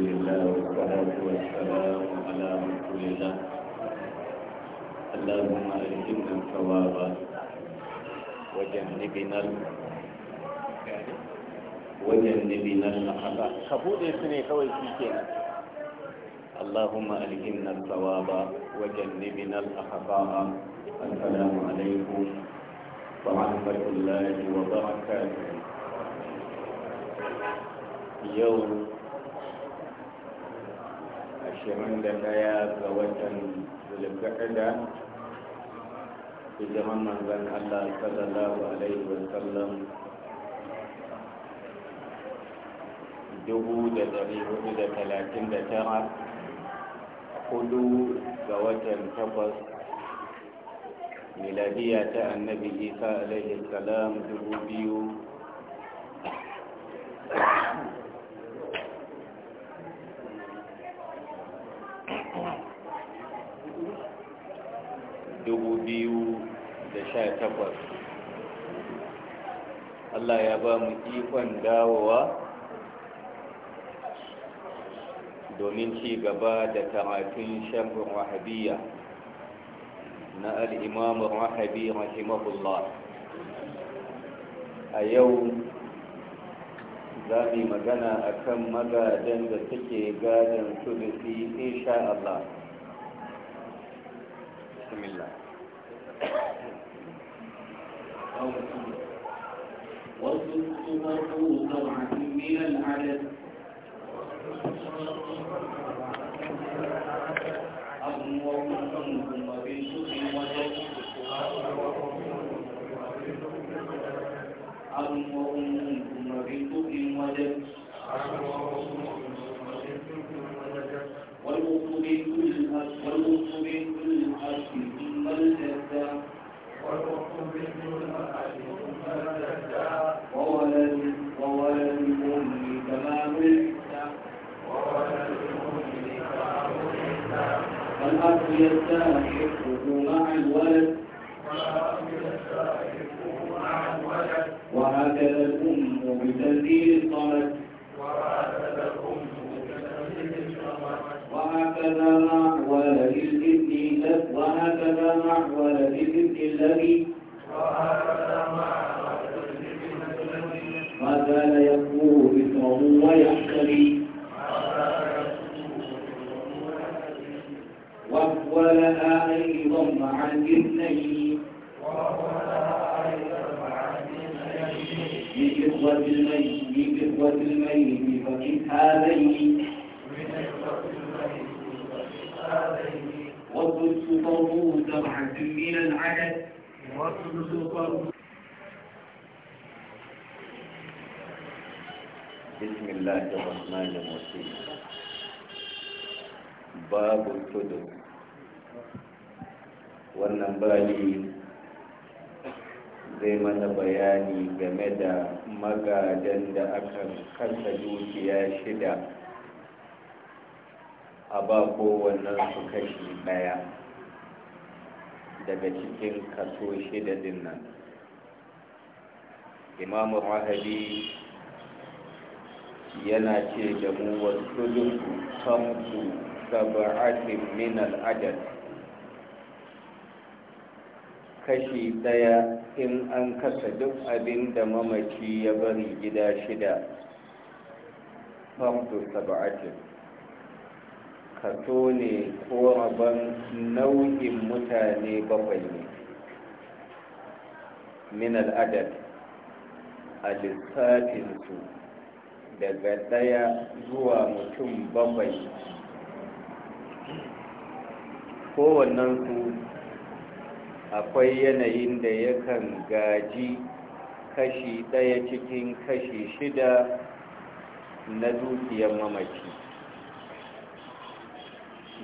لله والصلاة والسلام على رسول الله اللهم ألهمنا الثواب وجنبنا وجنبنا الأخطاء كفوت سنة كوي اللهم ألهمنا الثواب وجنبنا الأخطاء السلام عليكم ورحمة الله وبركاته يوم ashirin da daya ga watan zulkaɗa hijiran manzan allah sallallahu alaihi wasallam dubu da dari hudu da talatin da tara hudu ga watan takwas miladiya ta annabi isa alaihi salam dubu biyu sha takwas Allah ya ba mu ikon dawowa domin ci gaba da karatun shamrin wahabiyya na al'imamun wahabi rahimahullah a yau za magana a kan magadan da suke gadon sulusi insha Allah. Bismillah. أو خمس والست من العدد الله ولها أيضا مع الاثنين بإخوة الميت بإخوة الميت فمن هذين والثلث فرضه سبعة من العدد والثلث فرضه بسم الله الرحمن الرحيم باب الثلث wannan bali zai mana bayani game da magadan da aka kasa dukiya shida a ba kowannen su kashi daya daga cikin kaso shida din nan imamu rahabi yana ce da mu wasu duk samsu saba'atin min al'adad kashi daya in an kasa duk abin da mamaci ya bari gida shida fardu ka kaso ne ko nau'in mutane bakwai ne min al'adad a lissafinsu daga daya zuwa mutum bakwai kowannensu akwai yanayin da yakan gaji kashi ɗaya cikin kashi shida na dukiyar mamaki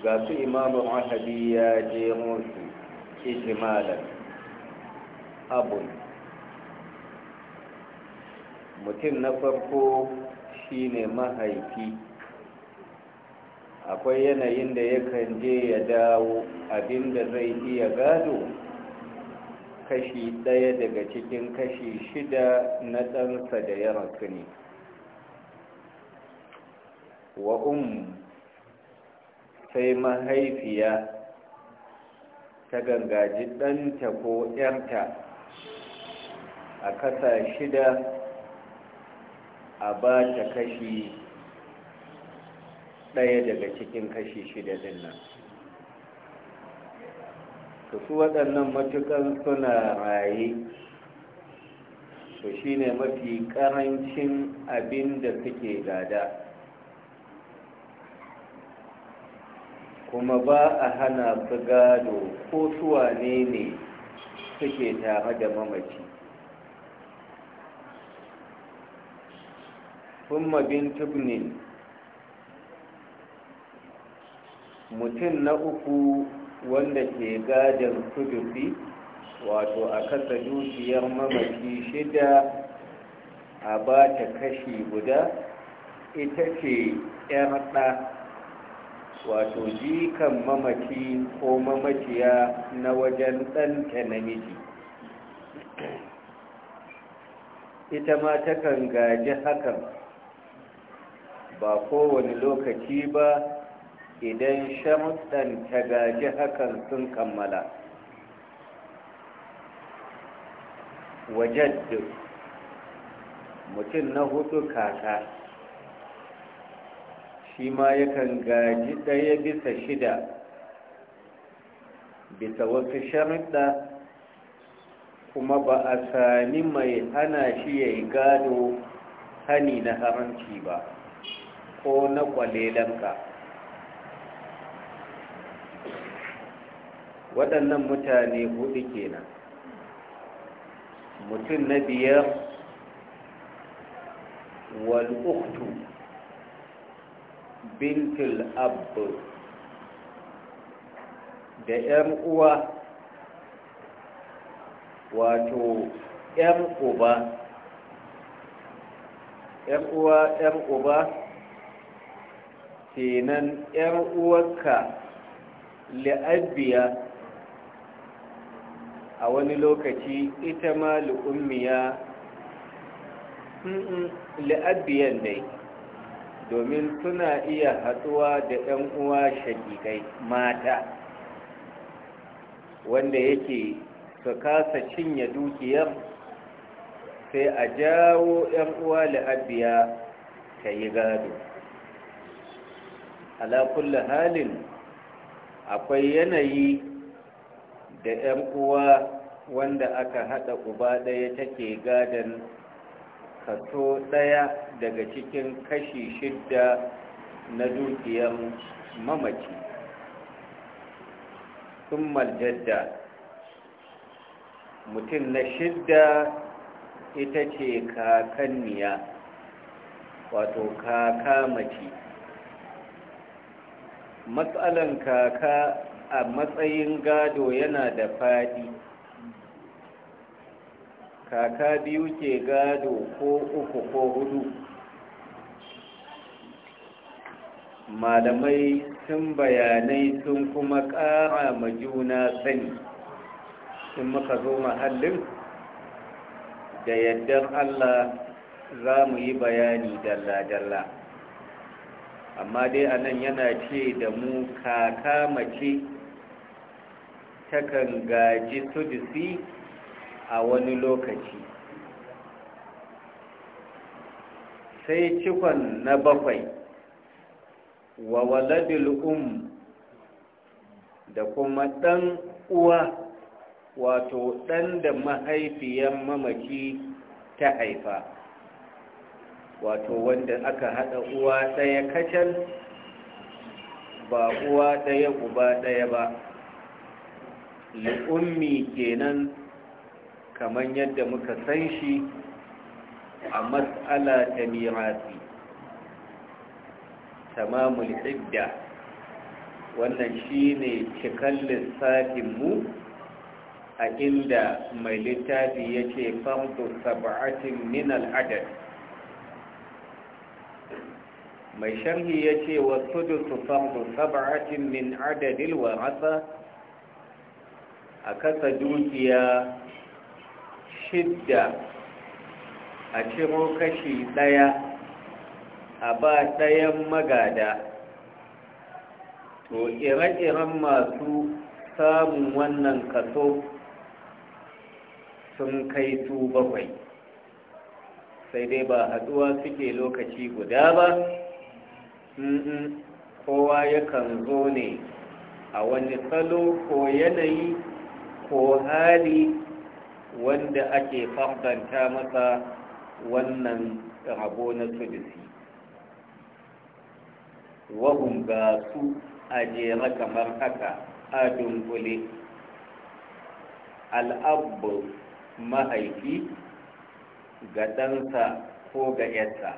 ga su imamun ahadi ya je su ijimalar abun mutum na farko shine mahaifi akwai yanayin da yakan je ya dawo abinda zai iya gado kashi ɗaya daga cikin kashi shida na ɗansa da ya rasu ne wa um sai mahaifiya ta gangaji ɗanta ko ‘yarta a ƙasa shida a ba ta kashi ɗaya daga cikin kashi shida ɗin nan to su waɗannan matuƙan suna raye to shine mafi ƙarancin abin da suke gada kuma ba a hana su gado ko suwane ne suke tare da mamaci summa bin tubnin mutum na uku wanda ke gadin kudufi wato a kasa dukiyar mamaki shida a ba ta kashi guda ita ce 'yar ɗa wato jikan mamaki ko mamaciya na wajen ɗanta namiji ita ma takan gaji hakan ba kowane lokaci ba idan sharuɗan ta gaji hakan sun kammala wajen mutum na hudu kaka shi ma yakan gaji ɗaya bisa shida bisa wasu sharuɗa kuma ba a sami mai hana shi ya yi gado hani na haramci ba ko na kwalelanka waɗannan mutane hudu kenan mutum na biyar wal'uktu bintul abu da 'yan uwa wato 'yan uba 'yan uwa 'yan uba kenan 'yan uwarka la'abiya. a wani lokaci ita ma lu'ummiya la'abiyan ne, domin suna iya haɗuwa da 'yan uwa shagigai mata wanda yake su kasa cinye dukiyar sai a jawo ɗan uwa la'abiya ta yi gado ala halin akwai yanayi da 'yan uwa wanda aka haɗa uba ɗaya take gadon kaso ɗaya daga cikin kashi shidda na dukiyar mamaci sun maljadda mutum na shidda ita ce kakanniya wato kaka mace matsalan kaka a matsayin gado yana da faɗi kaka biyu ke gado ko uku ko hudu malamai sun bayanai sun kuma ƙara ma juna sani sun muka zo mahallin da yaddan allah za mu yi bayani dalla-dalla amma dai anan yana ce da mu kaka mace takan gaji sudusi a wani lokaci sai cikon na bakwai wa waladil um da kuma ɗan uwa wato ɗan da mahaifiyan mamaki ta haifa wato wanda aka haɗa uwa ɗaya kacal ba uwa ɗaya uba ɗaya ba li'ummi kenan kamar yadda muka san shi a matsala ta mirasi tamamul ibda. wannan shine cikan lissafinmu a inda mai littafi ya ce famto saba'atin min al'adad mai sharhi ya ce wasu da su famto saba'atin min adadil wa rasa a kasa dukiya shidda a ciro kashi ɗaya a ba ɗayan magada to ire-iren masu samun wannan kaso sun kai su bakwai sai dai ba haɗuwa suke lokaci guda ba kowa yakan zo ne a wani salo ko yanayi ko hali wanda ake fardanta masa wannan rabo na sudisi wahun ga su a jera kamar haka a dunkule al'abbu mahaifi ga ɗansa ko ga ‘yarsa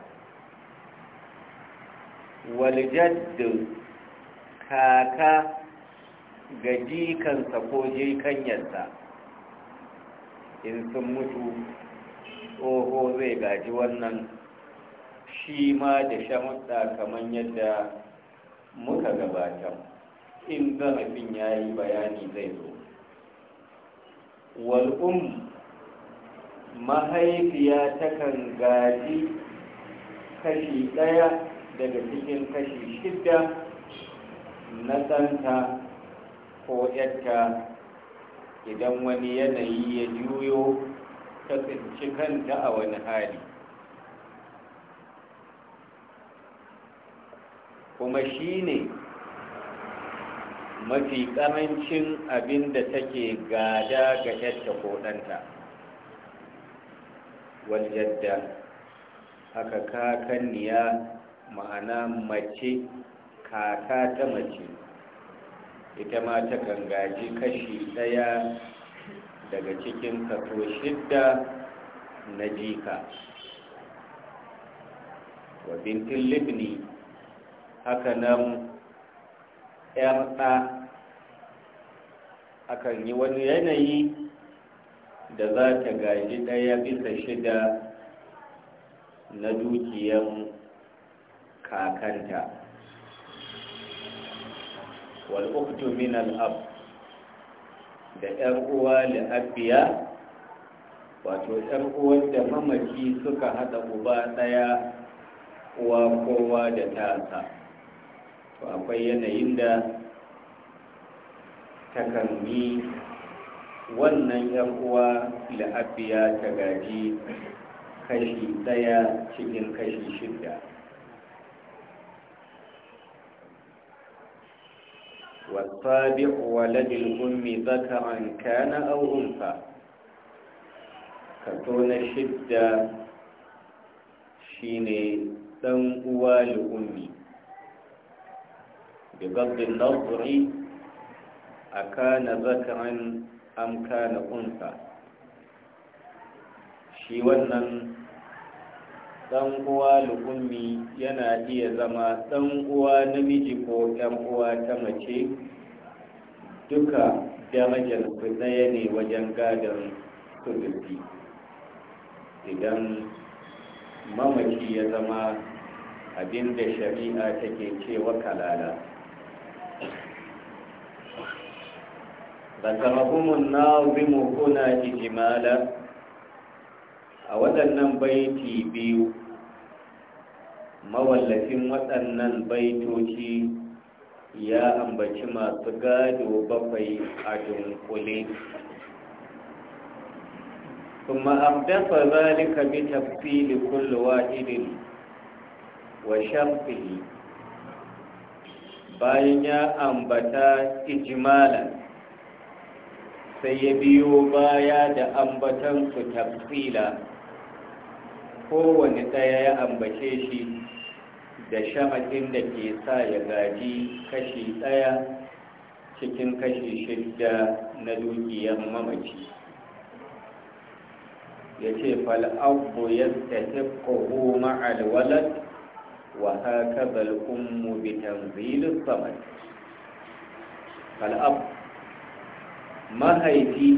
waljaddu kaka ga jikansa ko jikanyarsa in sun mutu tsoho zai gaji wannan shi ma da shamuɗa kamar yadda muka gabata in zarafin ya yi bayani zai zo wal'um mahaifiya takan gaji kashi ɗaya daga cikin kashi shida na ɗanta ko yadda idan wani yanayi ya juyo ta tsinci kanta a wani hali kuma shi ne mafi ƙarancin abin da take gada ga yadda koɗanta yadda haka kakanniya ma'ana mace kaka ta mace ita ma ta gangaji kashi daya daga cikin kaso shidda na jika wa bintin libni hakanan nan ɗa akan yi wani yanayi da za ta gaji ɗaya bisa shida na dukiyan kakanta wal'uktu min al'ab da ‘yar uwa la'abiya wato ‘yar uwar da mamaki suka haɗa uba ɗaya uwa kowa da tasa to akwai yanayin da takarmi wannan ‘yar uwa la'abiya ta gaji kashi ɗaya cikin kashi shidda. والصابع ولد الأم ذكرا كان أو أنثى كتون شدة شيني تنقوى لأمي بغض النظر أكان ذكرا أم كان أنثى shi wannan ɗan uwa lu'ummi yana iya zama ɗan uwa namiji ko 'yan uwa ta mace duka damajar ku daya ne wajen gadon sulusi idan mamaci ya zama abinda shari'a take cewa kalala ذكرهم mu kuna ijimala a waɗannan baiti biyu mawallafin waɗannan baitoci ya ambaci masu gado bakwai a dunkule ثم أحدث ذلك بتفصيل كل wa وشرطه bayan ya ambata ijimalan sai ya biyo baya da ambatansu tafsila kowane ɗaya ya ambace shi da shamakin da ke sa ya gaji kashi ɗaya cikin kashi shidda na dukiyar mamaci ya ce fal'abbo ya tafi ƙoho ma'alwalar wa haka zal'ummu bitan zilin samar fal'ab mahaifi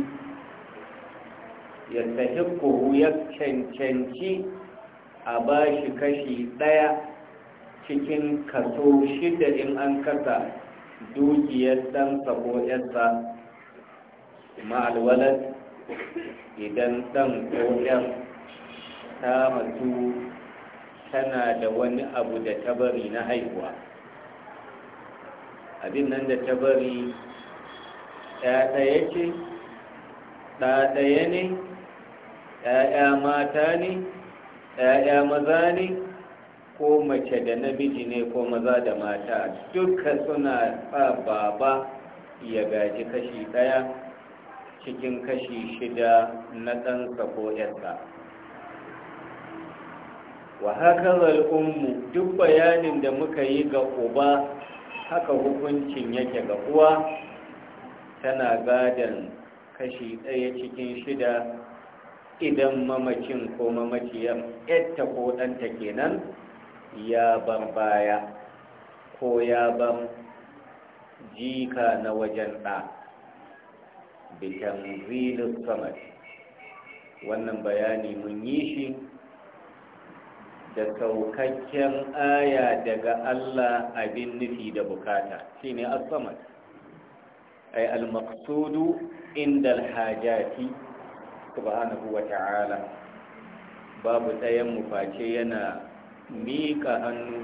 ya tafi ƙoho ya cancanci a ba shi kashi ɗaya cikin kaso shida in an kasa dukiyar ɗansa ko ‘yarsa ma'alwalar idan ɗan ƙoƙar ta matu tana da wani abu da ta bari na haihuwa abin nan da ta bari ɗaya ce ɗaya ne ‘ya'ya mata ne 'ya'ya maza ne ko mace da namiji ne ko maza da mata duka suna sa baba ya gaji kashi ɗaya cikin kashi shida na ɗansa ko ‘yarsa wa haka zal'ummu duk bayanin da muka yi ga uba haka hukuncin yake ga uwa tana gadon kashi ɗaya cikin shida idan mamacin ko mamaciyar yadda ko ɗanta kenan ya bar baya ko ya bar jika na wajen ɗa bitan zilin samar wannan bayani mun yi shi da saukakken aya daga Allah abin nufi da bukata shine al-samar ay al-maqsudu inda al-hajati subhanahu wa ta'ala babu ɗayan mu face yana miƙa hannu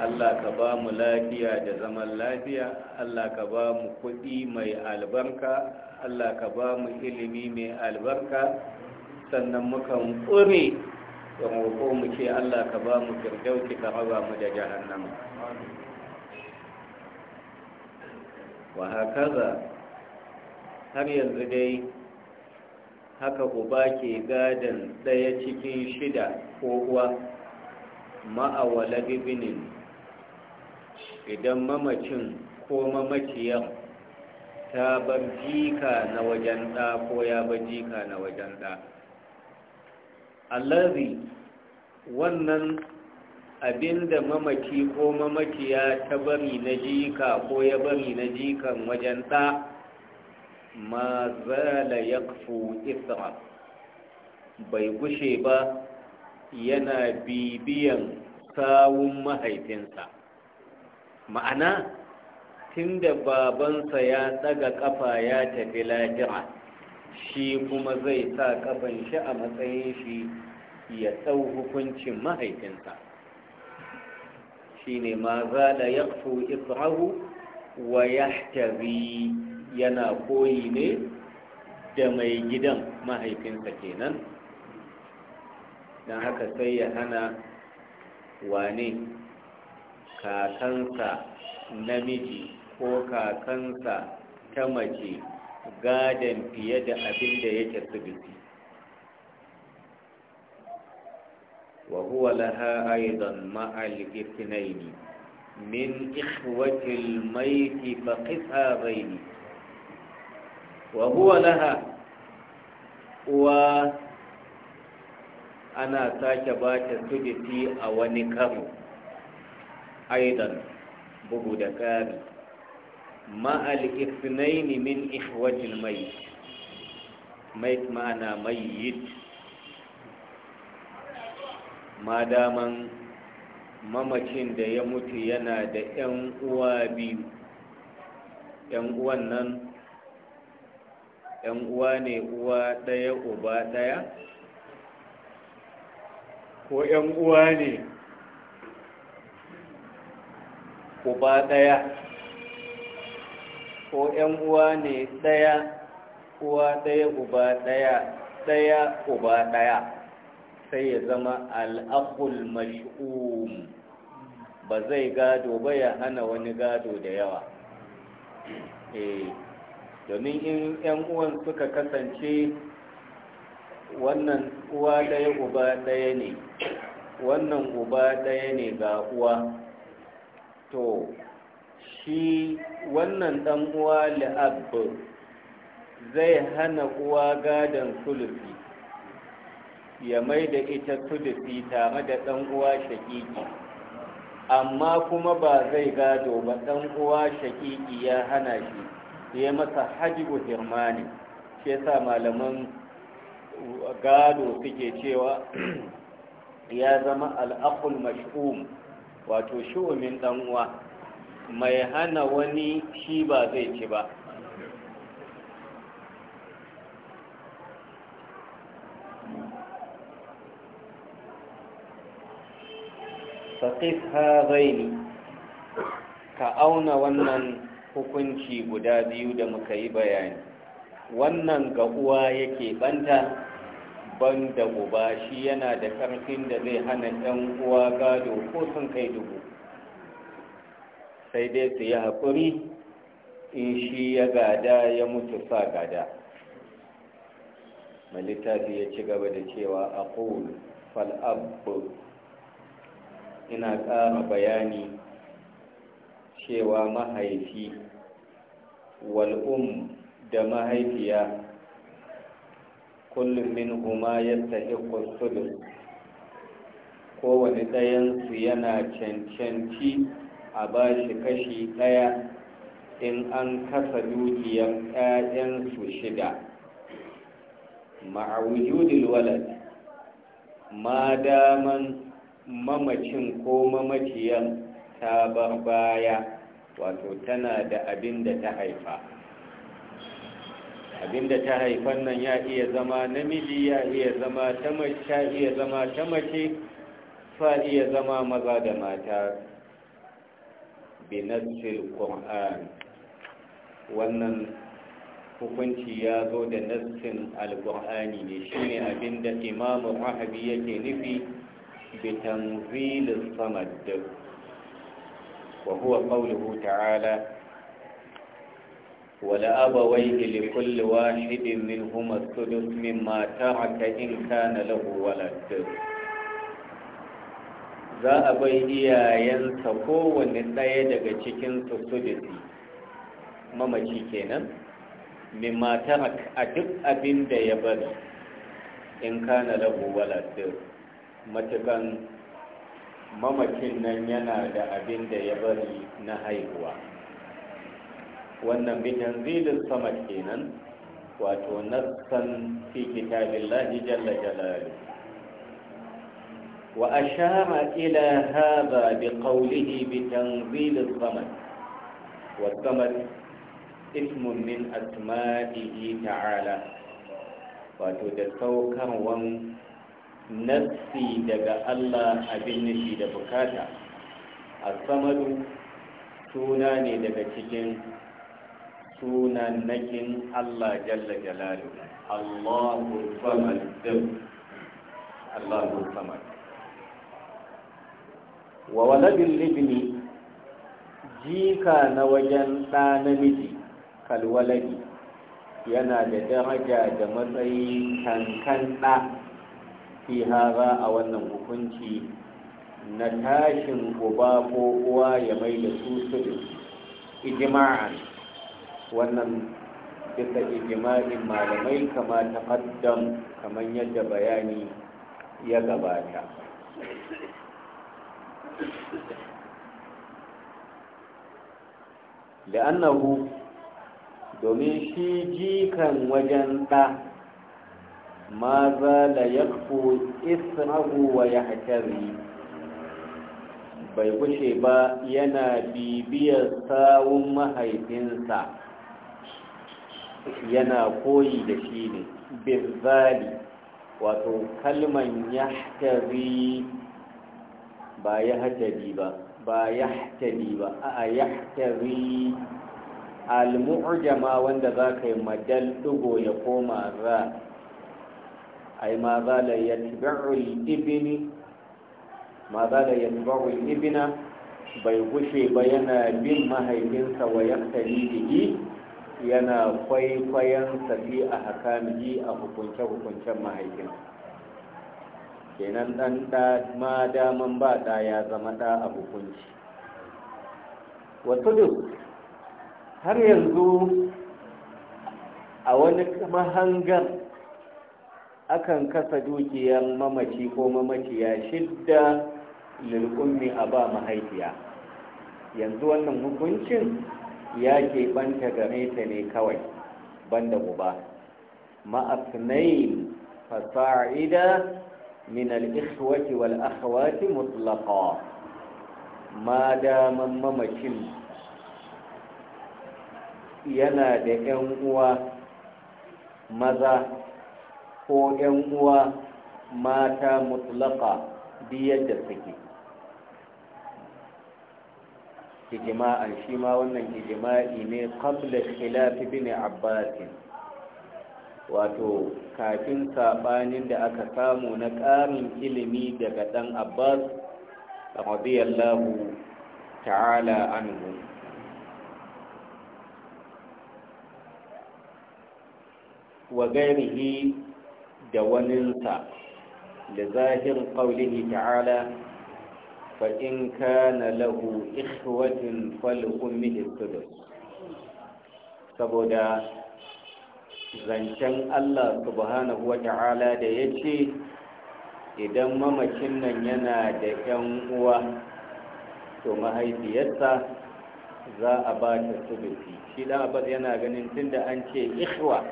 Allah ka ba mu lafiya da zaman lafiya Allah ka ba mu kuɗi mai albarka Allah ka ba mu ilimi mai albarka sannan mukan ƙure da roƙo mu ce Allah ka ba mu firdausi ka raba mu da jahannama wa hakaza har yanzu dai haka uba ke gadon ɗaya cikin shida ko kuwa ma'awala ibinin idan mamacin ko mamaciyar ta bar jika na wajen ɗa ko ya bar jika na wajen ɗa allazi wannan abinda mamaci ko mamaciya ta bari na jika ko ya bari na jikan wajen ɗa ma zala yakfu isra bai gushe ba yana bibiyan sawun mahaifinsa ma'ana tunda babansa ya tsaga kafa ya tafi lajira shi kuma zai sa kafan shi a matsayin shi ya tsau hukuncin mahaifinsa shi ne ma zala yakfu israhu wa yahtari yana koyi ne da mai gidan mahaifinsa kenan don haka sai ya hana wane kakansa namiji ko kakansa ta mace gadon fiye da abin da yake sibiti wa huwa laha aidan ma'al ne min ikhwatil maiti fa qis'a baini wa huwa laha uwa ana sake bata ta a wani karo aidan bugu da ƙari ma'al ifnaini min ihwajil mai mai ana mayyit ma daman mamakin da ya mutu yana da uwa biyu 'yan uwan nan ‘yan uwa ne uwa ɗaya uba ɗaya ko ‘yan uwa ne uba ɗaya ko ‘yan uwa ne ɗaya uwa ɗaya uba ɗaya ɗaya uba ɗaya sai ya zama al'akul mash'um ba zai gado ba ya hana wani gado da yawa eh domin in 'yan uwan suka kasance wannan uwa ɗaya uba ɗaya ne wannan uba ɗaya ne ga uwa to shi wannan ɗan uwa la'ab zai hana uwa gadon sulufi ya mai da ita sulufi tare da ɗan uwa shaƙiƙi amma kuma ba zai gado ba ɗan uwa shaƙiƙi ya hana shi ya masa hajibu hirmani shi sa malaman gado suke cewa ya zama al'akul mash'um wato shu'umin uwa mai hana wani shi ba zai ci ba faƙis ha ka auna wannan hukunci guda biyu da muka yi bayani wannan ga uwa yake banta ban da uba shi yana da karfin da zai hana ɗan uwa gado ko sun kai dubu sai dai su yi haƙuri in shi ya gada ya mutu sa gada malittafi ya ci gaba da cewa a ƙulu fal'abba ina ƙara bayani cewa mahaifi wal'um da mahaifiya kullum min huma ya tahiƙun sudus kowane ɗayansu yana cancanci a ba shi kashi ɗaya in an kasa dukiyar ƴaƴansu shida ma'awujudul walad ma daman mamacin ko mamaciyan ta bar baya wato tana da abin da ta haifa abin da ta haifan nan ya iya zama namiji ya iya zama ta mace iya zama ta fa iya zama maza da mata binasil qur'an wannan hukunci ya zo da nassin alƙur'ani ne shine abin da imamu rahabi yake nufi bitanzilis samad وهو قوله تعالى ولأبويه لكل واحد منهما الثلث مما ترك إن كان له ولد za a bai iyayensa kowanne ɗaya daga cikin sudisi mamaci kenan mimma tarak a duk abin da ya bari in kana lahu walad matukan mamakin nan yana da abin da ya bari na haihuwa wannan bitan zilin sama kenan wato nassan fi kitabillahi jalla wa ashara ila hadha bi qawlihi bi tanzil samad wa samad ismun min asma'ihi ta'ala wato da saukarwan nassi daga Allah abin nufi da bukata asamadu suna ne daga cikin sunan nakin Allah jalla jalalu Allahu samad Allahu samad wa waladin libni jika na wajen ɗa namiji kalwaladi yana da daraja da matsayi kankan ɗa fi haza a wannan hukunci na tashin guba ko uwa ya mai da su ijima'an wannan duka ijima'in malamai kama ta kamar yadda bayani ya gabata da annahu domin shi jikan wajen ɗa ma za la yakfu yahtari bai gushe ba yana bibiyar sawun mahaifinsa yana koyi da shi ne birzali wato kalman yahtari ba ya hatari ba ba ya hatari ba a ya hatari al wanda za ka yi madal ya koma za ai ma zala yatba'u al-ibni bai gushe ba yana bin mahaifinsa wa yaktali bihi yana kwaikwayon safi a hakamihi a hukunce-hukuncen mahaifin kenan ɗan ɗa ma daman ba ɗa ya zama ta a hukunci wasu duk har yanzu a wani mahangar akan kasa dukiyar mamaci ko mamaciya shidda lil'ummi a ba mahaifiya yanzu wannan hukuncin ya keɓanta game ta ne kawai banda uba ma'afnain fasa'ida min al'ishwati wal akhawati mutlaqa ma daman mamacin yana da 'yan uwa maza ko ‘yan uwa mata mutlaka biyar da suke hijima'an shi ma wannan ijima'i ne qabla khilafi bin abbasin wato kafin saɓanin da aka samu na ƙarin ilimi daga ɗan abbas radiyallahu ta'ala anhu wa gairihi da waninsa da zahir ƙaunihi ta'ala fa'in ka na lahu ikhwatin falukun mihisudus saboda zancen Allah subhanahu wa ta'ala da ya ce idan mamakin nan yana da ‘yan uwa to mahaifiyarsa za a ba ta sulusi shi da abad yana ganin tun da an ce ikhwa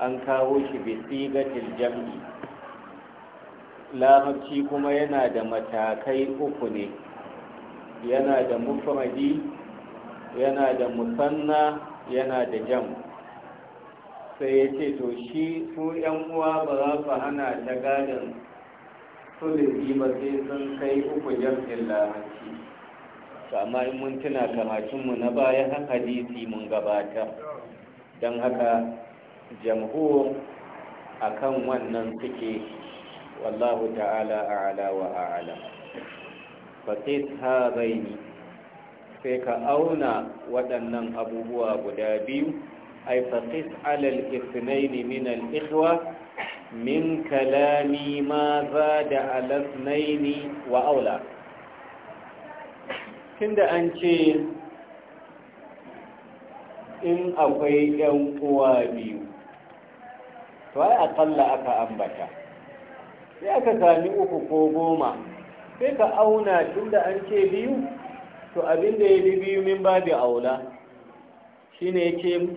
an kawo shi bisigatil jam'i larabci kuma yana da matakai uku ne yana da mufradi yana da musanna yana da jam sai ya ce to shi su yan uwa ba za su hana ta gadon sulubi ba sai sun kai uku jam'in larabci amma in mun tuna kamacinmu na baya hadisi mun gabata, don haka jamhur akan wannan suke wallahu ta'ala a'ala wa a'ala fatis hazaini sai ka auna waɗannan abubuwa guda biyu ay fatis alal ithnaini min al ikhwa min kalami ma da ala ithnaini wa aula tunda an ce in akwai 'yan uwa biyu to ai akalla aka ambata sai aka sami uku ko goma sai ka auna tunda an ce biyu to abin da ya bi biyu min babu aula shine yake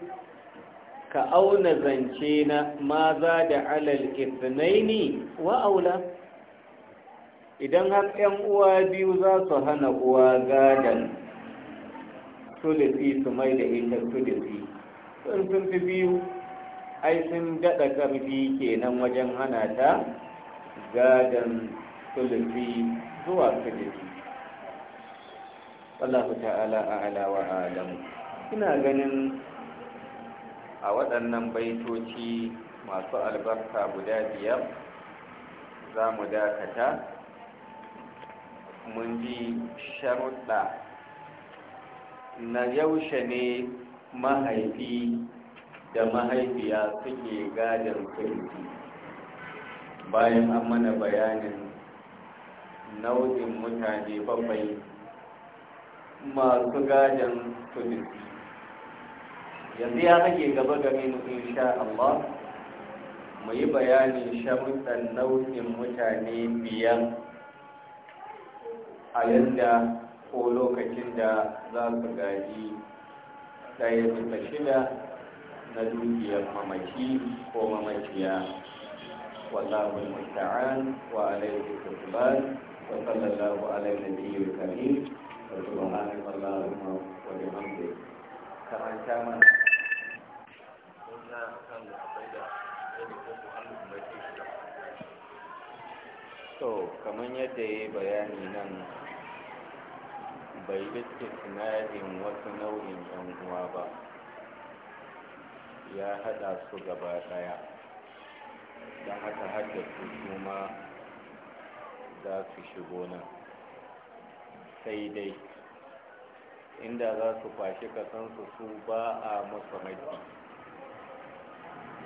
ka auna zance na maza da alal ithnaini wa aula idan har 'yan uwa biyu za su hana uwa gadon tulisi su mai da ita tulisi sun sun fi biyu ai sun daɗa ƙarfi kenan wajen hana ta gadon sulfi zuwa sulufi Allah ta'ala a'ala wa alam ina ganin a waɗannan baitoci masu albarka guda biyar za mu dakata mun ji sharuɗa na yaushe ne mahaifi da mahaifiya suke gadon kirki bayan an mana bayanin nau'in mutane bakwai masu gadon kirki yanzu ya hake gaba gare mu sha Allah mu yi bayanin sharuɗan nau'in mutane biyan a yadda ko lokacin da za su gaji ɗaya da shida na dukiyar mamaki ko mamakiya wallahu musta'an wa alayhi tusban wa sallallahu ala nabiyyil karim wa subhanaka allahumma wa bihamdika karanta mana to kamar yadda ya yi bayani nan bai iske sinadin wasu nau'in 'yan uwa ba ya hada su gaba daya Da haka haka su kuma za su shigo nan sai dai inda za su fashi kasansu su ba a musu haƙƙi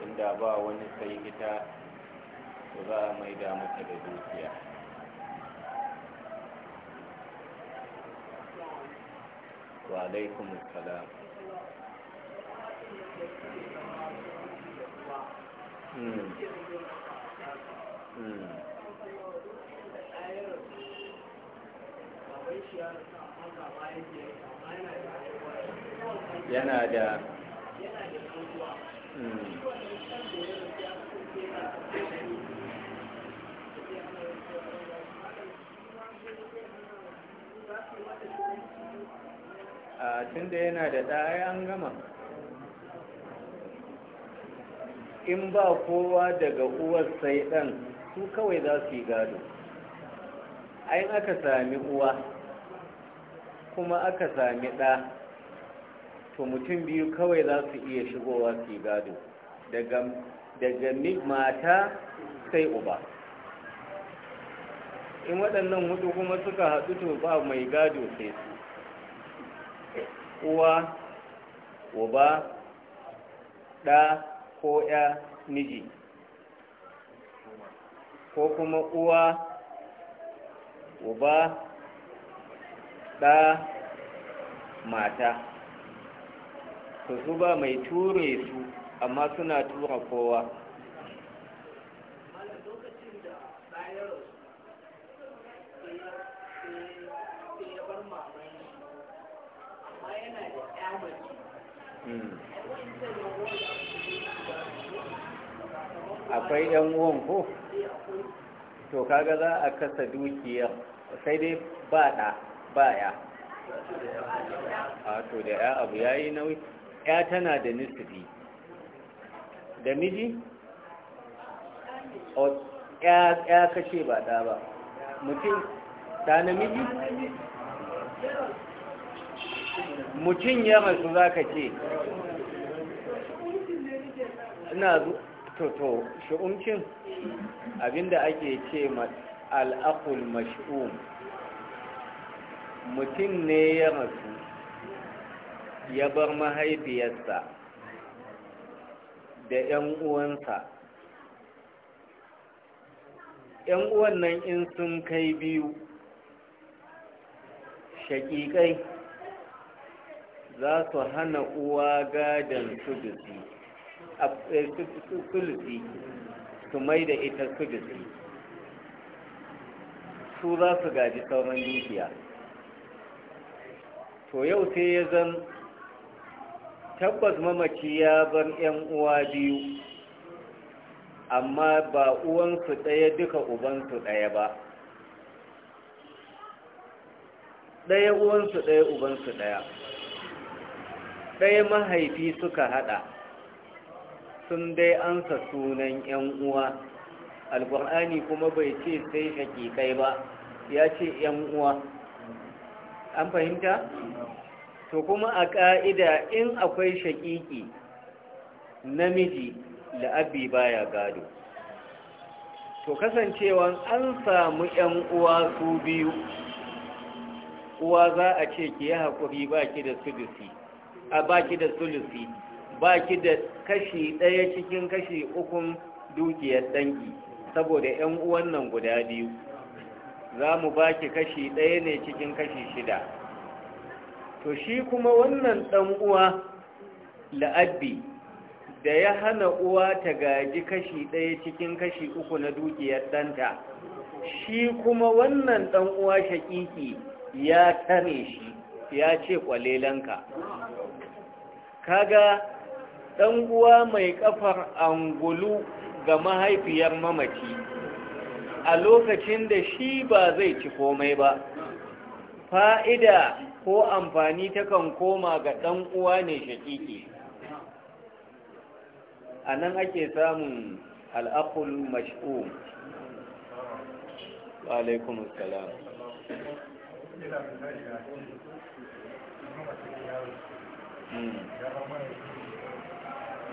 inda ba wani sai ita su za a maida mata da dukiya wa alaikum salam yana da mm. a tun da yana da ɗaya an gama in ba kowa daga uwar sai ɗan su kawai za su yi gado ai aka sami uwa kuma aka sami ɗa to mutum biyu kawai za su iya shigowa su yi gado daga mata sai uba in waɗannan hudu kuma suka haɗu to ba mai gado sai su uwa uba ɗa ko ya miji ko kuma uwa uba ɗa mata to su ba mai ture su amma suna tura kowa akwai yan uwan ko to kaga za a kasa dukiya sai dai ba da ba ya a to da ya abu yayi nauyi ya tana da nisbi da miji ya kashe ba da ba mutum ta namiji mutum ya rasu za ka ce ina zuwa to shu'umcin abinda ake ce al'akul mash'um mutum ne ya rasu ya bar mahaifiyarsa da 'yan uwansa 'yan uwan nan in sun kai biyu shaƙiƙai za su hana uwa gadon su da su Eh, sulusi su mai da ita sulusi su za su gaji sauran dukiya to yau sai ya zan tabbas mamaci ya bar 'yan uwa biyu amma ba uwansu ɗaya duka ubansu ɗaya ba ɗaya uwansu ɗaya ubansu ɗaya ɗaya mahaifi suka haɗa sun dai ansa sunan ‘yan uwa alƙur'ani kuma bai ce sai hakikai ba ya ce ‘yan uwa an fahimta? to kuma a ƙa'ida in akwai shakiki namiji la'abi baya gado to kasancewa an samu ‘yan uwa su biyu uwa za a ce ki yi haƙuri baki da a baki da sulusi ba ki da kashi ɗaya cikin kashi ukun dukiyar dangi saboda 'yan uwan nan guda biyu za mu ba ki kashi ɗaya ne cikin kashi shida to shi kuma wannan ɗan uwa la'abbi da ya hana uwa ta gaji kashi ɗaya cikin kashi uku na dukiyar ɗanta shi kuma wannan ɗan uwa shaƙiƙi ya tane shi ya ce ƙwalelanka kaga ɗan uwa mai ƙafar angulu ga mahaifiyar mamaci a lokacin da shi ba zai ci komai ba fa'ida ko amfani takan koma ga ɗan uwa ne shaƙiƙe a nan ake samun al'akul mash'um wa alaikun salam Mm.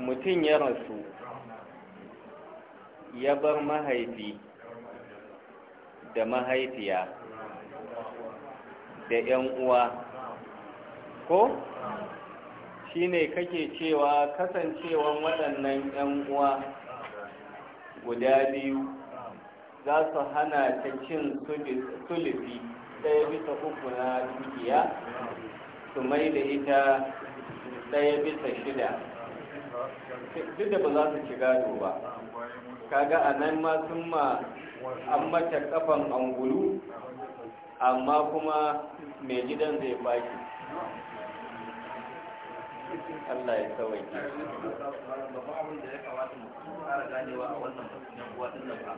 mutum ya rasu ya bar mahaifi da mahaifiya da 'yan uwa ko shi ne kake cewa kasancewan waɗannan 'yan uwa guda biyu za su hana ta cin sulufi ɗaya bisa uku na dukiya su mai da ita ɗaya bisa shida duk da ba za su shiga gado ba kaga a nan ma sun ma an mace kafan angulu amma kuma mai gidan zai baki Allah ya tsawai ke. babu abin da ya kamata mu fara ganewa a wannan yan uwa din nan ba.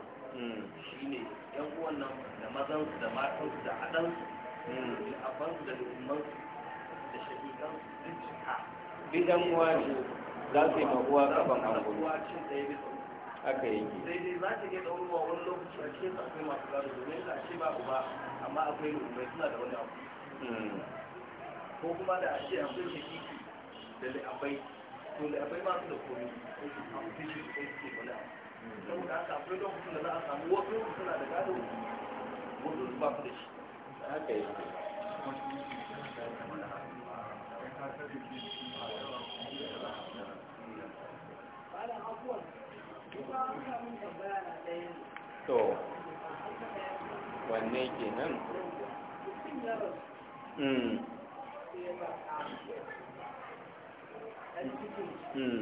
Shi ne yan uwan nan da mazan su da matansu da haɗan da abansu da lukumman su da shakikan su duk cika. Bidan uwa ne. za su yi mahuwa kafan angulu haka yake sai dai za ta iya ɗauruwa wani lokaci a cikin akwai masu gado domin a ce ba ba amma akwai rumai suna da wani abu hmm. ko kuma da ashe akwai shakiki da la'abai to la'abai abai su da komi ko su samu fishi ko su ke wani abu hmm. saboda haka akwai lokacin da za a samu wasu suna da gado wasu su ba su da shi yi yake to wanne ke nan hmm. hmm.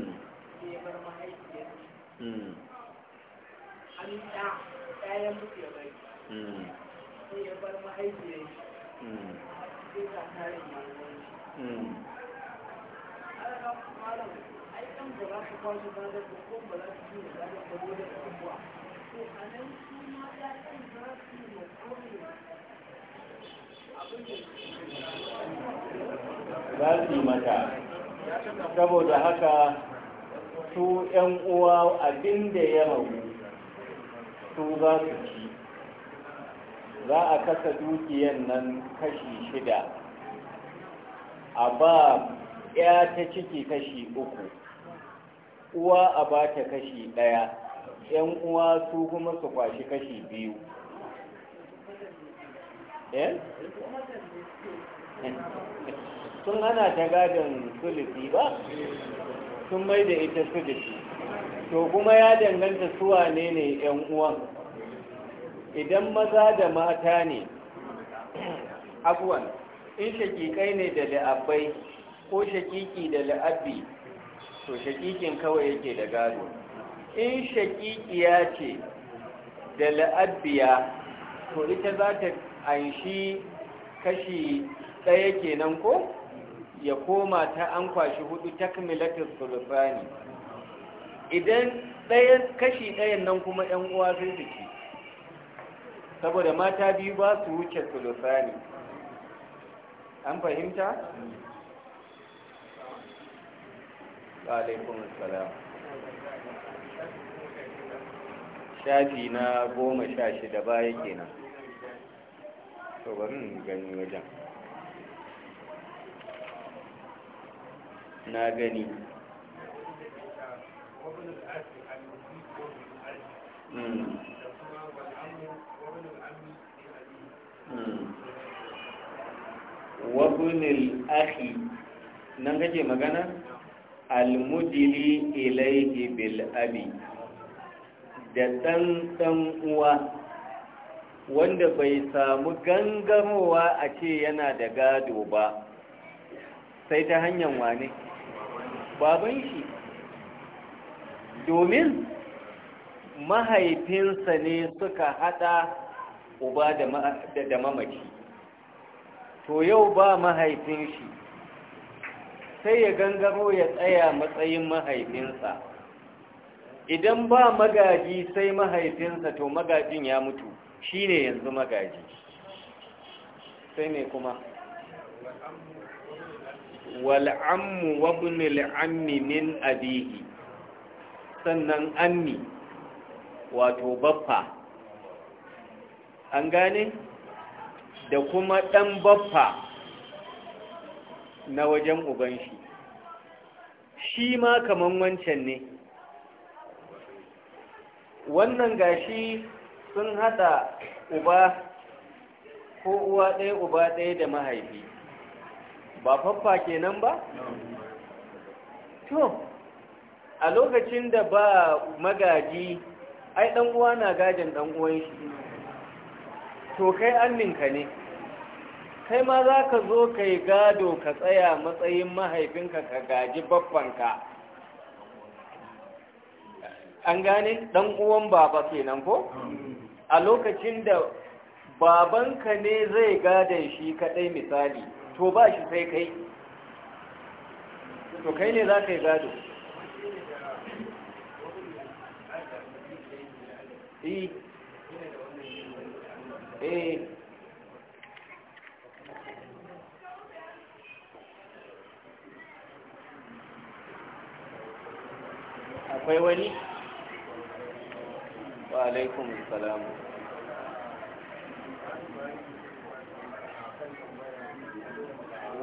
hmm. za su yi mata saboda haka su ‘yan uwa abin da ya ragu su za su ci za a kasa dukiyan nan kashi shida a ba ya ta ciki kashi uku uwa a ba ta kashi ɗaya ‘yan uwa su kuma su kwashi kashi biyu eh? sun hana ta gadon sulifi ba sun mai da ita sulifi to kuma ya danganta suwa ne ne ‘yan uwan idan maza da mata ne abuwan in shakikai ne da la'abbai ko shakiki da la'abbi to shakikin kawai yake da gado in shakikiya ce da la'abbiya to ita za ta anshi kashi ɗaya kenan ko ya koma ta an kwashi hudu takmilatus sulfani idan ɗaya kashi ɗayan nan kuma ‘yan uwa sun ciki saboda mata biyu ba su wuce sulfani an fahimta alaikum salam shafi na goma sha shida baya kenan to bari gani wajen na gani hmm. hmm. wabunil ahi nan kake magana? almujili ilaihi bil abi da ɗan ɗan uwa wanda bai samu gangarowa a ce yana da gado ba sai ta hanyar wane baban shi domin mahaifinsa ne suka hada uba da mamaci to yau ba mahaifin shi sai ya gangaro ya tsaya matsayin mahaifinsa idan ba magaji sai mahaifinsa to magajin ya mutu shine yanzu magaji sai ne kuma wal'ammu wabnil ammi min abihi sannan ammi wato baffa an gane da kuma ɗan baffa na wajen uban shi shi ma kaman wancan ne wannan gashi sun hada uba ko uwa ɗaya uba ɗaya da mahaifi ba faffa kenan ba? to a lokacin da ba magaji ai ɗan uwa na gajin ɗan uwan shi to kai ka ne kai ma za ka zo ka yi gado ka tsaya matsayin mahaifinka ka gaji babbanka an gane ɗan uwan baba kenan ko a lokacin da babanka ne zai gadon shi kaɗai misali to ba shi sai kai to kai ne za ka yi gado eh, eh. akwai wani wa alaikum salam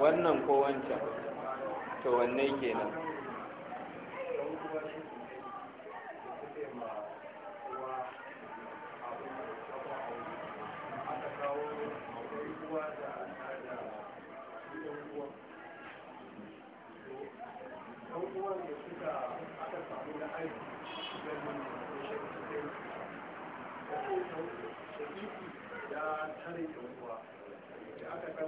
wannan ko wancan to wanne kenan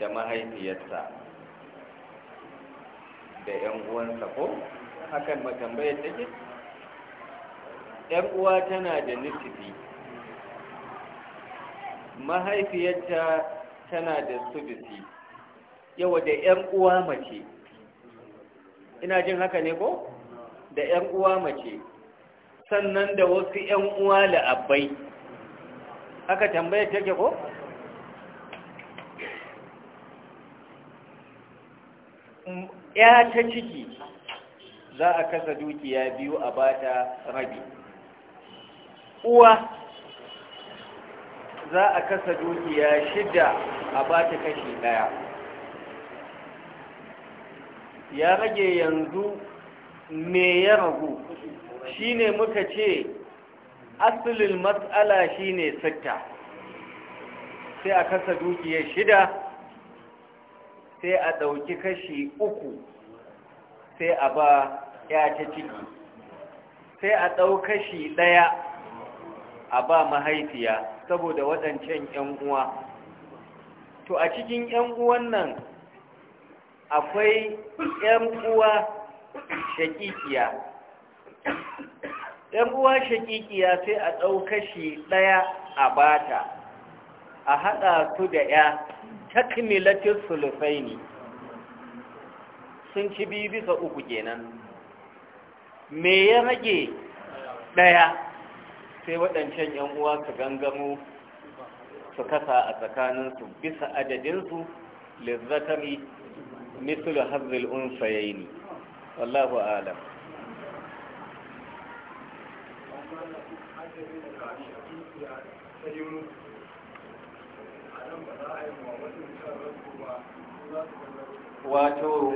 da mahaifiyarsa da 'yan uwansa ko hakan matambayar take ‘yan uwa tana da nufi mahaifiyarta tana da subisi yawa da ‘yan uwa mace ina jin haka ne ko da ‘yan uwa mace sannan da wasu ‘yan uwa la'abbai haka tambayar take ko? ya ta ciki za a kasa dukiya biyu a bata rabi uwa za a kasa dukiya shida a bata kashi daya ya rage yanzu me ya ragu shine muka ce asilin matsala shine sitta sai a kasa dukiya shida sai a ɗauki kashi uku sai a ba ya ta ciki sai a ɗau kashi ɗaya a ba mahaifiya saboda waɗancan 'yan uwa to a cikin 'yan uwan nan akwai 'yan uwa shakikiya uwa shakikiya sai a ɗau kashi ɗaya a bata a haɗa su da 'ya takmilatis sulufaini sun ci biyu bisa uku kenan me ya rage ɗaya sai waɗancan ‘yan uwa su gangamo su kasa a tsakaninsu bisa adadinsu lizzatari mislu hazil unsayaini wallahu alam Thank you. wato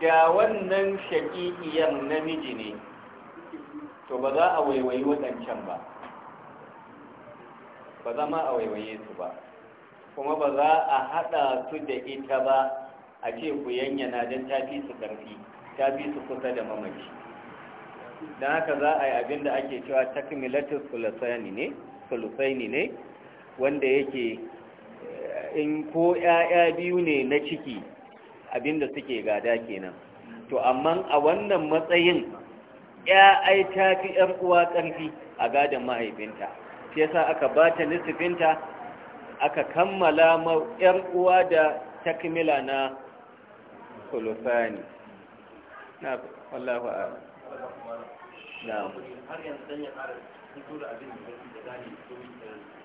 da wannan shaƙiƙiyar namiji ne to ba za a waiwayi waɗancan ba ba za ma a waiwaye su ba kuma ba za a haɗa su da ita ba a ce ku yanyana don tafi su ƙarfi tafi su kusa da mamaci don haka za a yi abin da ake cewa takmilatus sulusaini ne wanda yake in ko ‘ya'ya biyu ne na ciki abinda suke gada kenan to amma a wannan matsayin ‘ya'ai ta fi ‘yan uwa ƙarfi a gadon mahaifinta shi yasa aka ba ta nisifinta aka kammala ma uwa da takmila na kulusani na wallahu a na har yanzu dan ya fara fito da abin da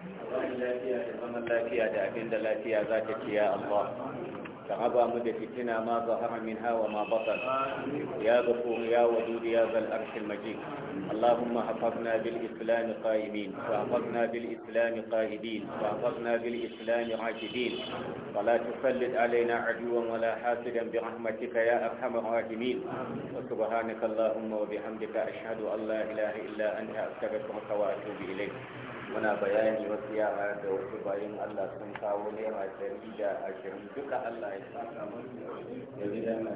zaman lafiya da abin da lafiya za ka kiya Allah ka haba mu da fitina haramin zahara min hawa ma basar ya zafo ya wadu ya zal arshin majin Allahumma hafazna bil islam qa'imin wa hafazna bil islam qa'idin wa hafazna bil islam rajidin wa la tusallid alaina aduwan wa la hasidan bi rahmatika ya arhamar rahimin wa subhanaka Allahumma wa bihamdika ashhadu an la ilaha illa anta astaghfiruka wa atubu ilayk muna bayani wasu yara da wasu bayan Allah sun kawo naira dari da ashirin duka Allah ya saka musu yanzu dan